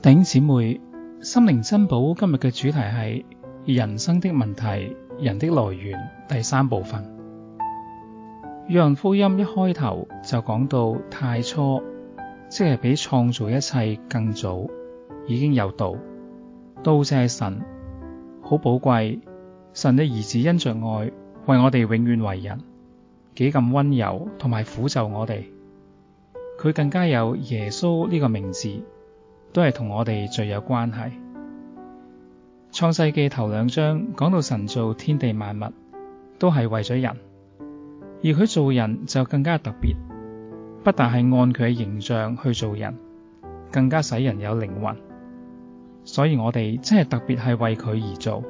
弟兄姊妹，心靈珍寶今日嘅主題係人生的問題，人的來源第三部分。約翰福音一開頭就講到太初，即係比創造一切更早，已經有道。道即係神，好寶貴。神嘅兒子因着愛，為我哋永遠為人，幾咁溫柔同埋撫就我哋。佢更加有耶穌呢個名字。都係同我哋最有關係。創世紀頭兩章講到神造天地萬物，都係為咗人，而佢做人就更加特別，不但係按佢嘅形象去做人，更加使人有靈魂。所以我哋真係特別係為佢而做。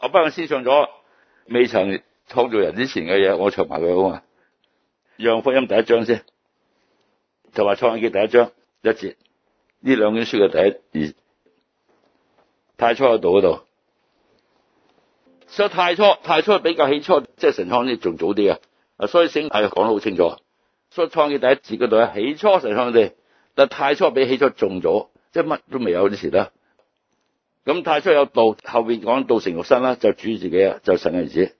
我不過思想咗未曾創造人之前嘅嘢，我唱埋佢好嘛？讓福音第一章先，就話創世記第一章一節，呢兩卷書嘅第一而太初有道嗰度，所以太初太初比較起初，即係神創啲仲早啲啊，所以聖經係講得好清楚，所以創世記第一節嗰度啊，起初神創啲，但太初比起初仲早，即係乜都未有啲時啦，咁太初有道，後邊講道成肉身啦，就主自己啊，就神嘅兒子，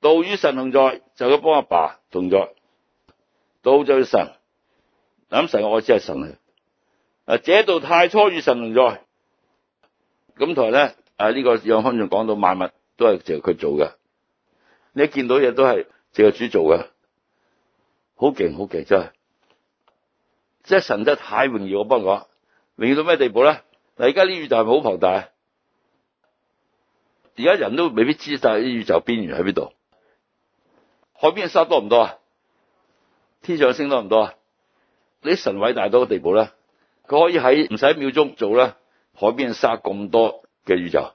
道與神同在，就要幫阿爸，爸。同、啊、在，到咗神，諗神嘅愛知係神嚟。啊，這道太初與神同在。咁同埋咧，啊呢個約翰仲講到，萬物都係淨係佢做嘅。你一見到嘢都係淨係主做嘅，好勁好勁，真係。即係神真係太榮耀，我幫你講，榮耀到咩地步咧？嗱，而家呢宇宙係咪好龐大，而家人都未必知晒啲宇宙邊緣喺邊度。海邊嘅沙多唔多啊？天上嘅星多唔多啊？呢神偉大到個地步咧，佢可以喺唔使秒鐘做咧，海邊嘅沙咁多嘅宇宙，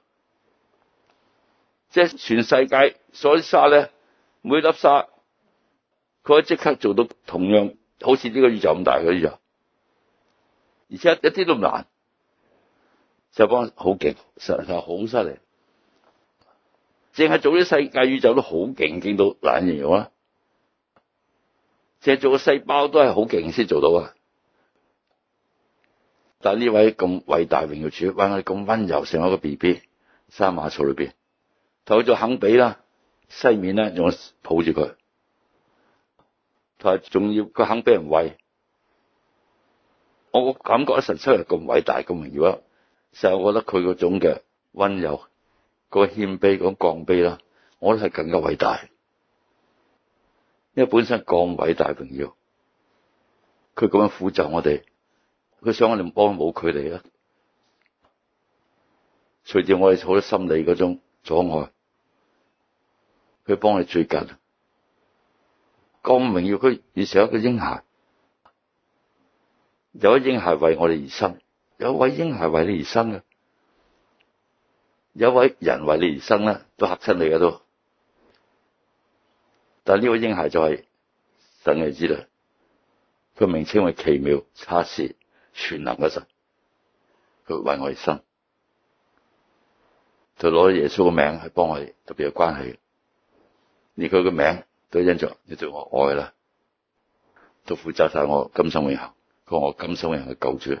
即係全世界所有沙咧，每粒沙佢可以即刻做到同樣好似呢個宇宙咁大嘅宇宙，而且一啲都唔難，就幫好勁，實實好犀利。淨係做啲世界宇宙都好勁，勁到難形容啊。淨係做個細胞都係好勁先做到啊！但係呢位咁偉大榮耀主，問佢咁溫柔，成一個 B B 三馬槽裏邊，佢就肯俾啦，西面咧仲抱住佢，佢仲要佢肯俾人餵。我感覺一神出入咁偉大咁榮耀，啊。成日我覺得佢嗰種嘅溫柔。那個謙卑講、那個、降卑啦，我都係更加偉大，因為本身降偉大榮耀，佢咁樣輔助我哋，佢想我哋幫冇佢哋啊。隨住我哋好多心理嗰種阻礙，佢幫得最近。降榮耀佢。以前有一個嬰孩，有一嬰孩為我哋而生，有一位嬰孩為你而生嘅。有一位人為你而生咧，都吓親你嘅都。但係呢位嬰孩就係等你知嘞，佢名稱為奇妙、差事、全能嘅神，佢為我而生，就攞咗耶穌嘅名去幫我哋，特別有關係。連佢嘅名都印着你對我愛啦，都負責晒我今生永後，幫我今生永後嘅救主。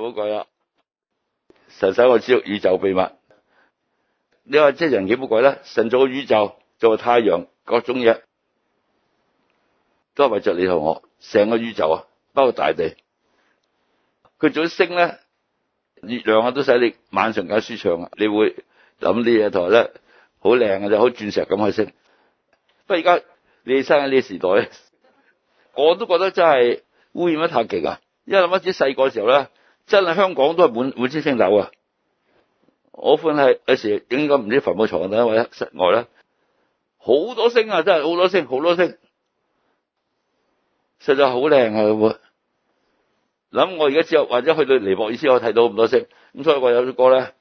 好鬼啦！神使我知宇宙秘密。你話即係人幾好鬼咧？神做個宇宙，造個太陽，各種嘢都係為着你同我。成個宇宙啊，包括大地，佢做啲星咧，月亮啊都使你晚上梗舒暢啊。你會諗啲嘢台咧，好靚呀，就好鑽石咁去升。不過而家你生喺呢個時代，我都覺得真係污染得太勁啊！因為諗翻自己細個時候咧。真係香港都係滿滿天星斗啊！我見係有時應該唔知墳墓場定喺室外啦，好多星啊，真係好多星，好多星，實在好靚啊！會諗我而家之後或者去到尼泊爾先可以睇到咁多星。咁所以我有啲歌咧，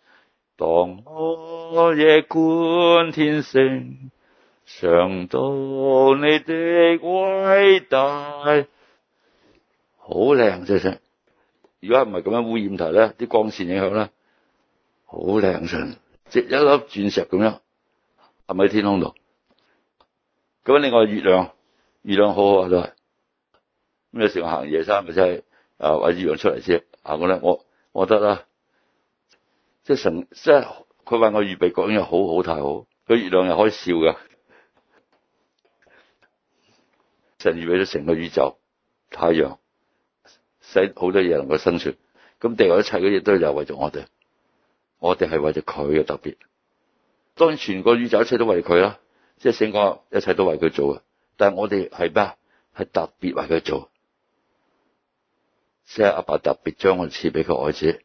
當我夜觀天星，嘗到你的偉大，好靚啫！實如果唔係咁樣污染台咧，啲光線影響咧，好靚純，即一粒鑽石咁樣，喺咪天空度？咁另外月亮，月亮很好好啊，都係。咁有時我行夜山，咪真係啊，或者月亮出嚟先行過咧，我覺得我，我得啦。即成即佢揾我預備各嘢，好好太好。佢月亮又可以笑嘅，神預備咗成個宇宙，太陽。使好多嘢能夠生存，咁地球一切嗰嘢都係為咗我哋，我哋係為咗佢嘅特別。當然全個宇宙一切都為佢啦，即係整個一切都為佢做嘅。但係我哋係咩啊？係特別為佢做。即係阿爸特別將我賜俾佢愛子，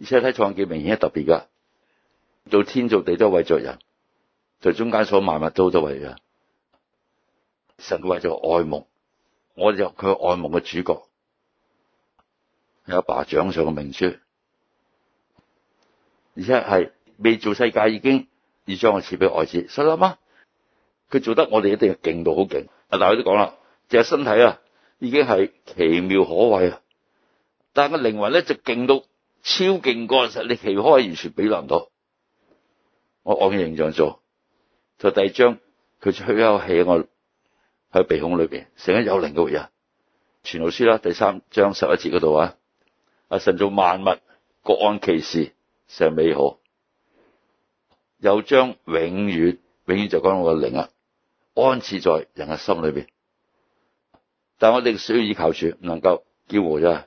而且睇創記明顯係特別噶。做天做地都為着人，在中間所萬物都都為人。神佢為咗愛慕，我就佢愛慕嘅主角。有一把掌上嘅明珠，而且係未做世界已經要將我賜俾外子。所以諗啊，佢做得我哋一定勁到好勁。阿大佢都講啦，就係身體啊，已經係奇妙可畏啊，但個靈魂咧，就勁到超勁過實你，可以完全比量到。我按形象做，就是，第二章佢吹一口氣我喺鼻孔裏邊，成日有靈嘅活人。傳道書啦，第三章十一節嗰度啊。阿、啊、神做萬物各按其時成美好，又將永遠永遠就講我嘅靈啊安置在人嘅心裏邊，但我哋小以求靠唔能夠叫和啫。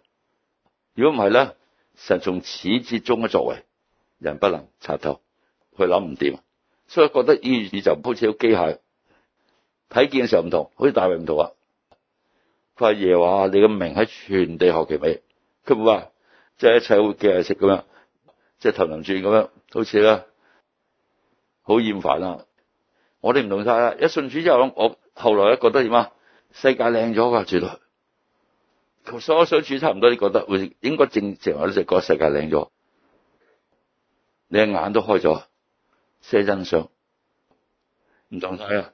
如果唔係咧，神從始至終嘅作為人不能參透，佢諗唔掂，所以覺得呢段字就好似好機械睇見嘅時候唔同，好似大衛唔同啊！佢話耶和華你嘅名喺全地何其美！佢話。即係一切會記日食咁樣，即係頭能轉咁樣，好似啦，好厭煩啦。我哋唔同晒啦，一信主之後，我後來咧覺得點啊？世界靚咗噶，絕對想主道，同所有相處差唔多，你覺得會應該正正我呢只個世界靚咗，你嘅眼都開咗，些真相唔同晒啊！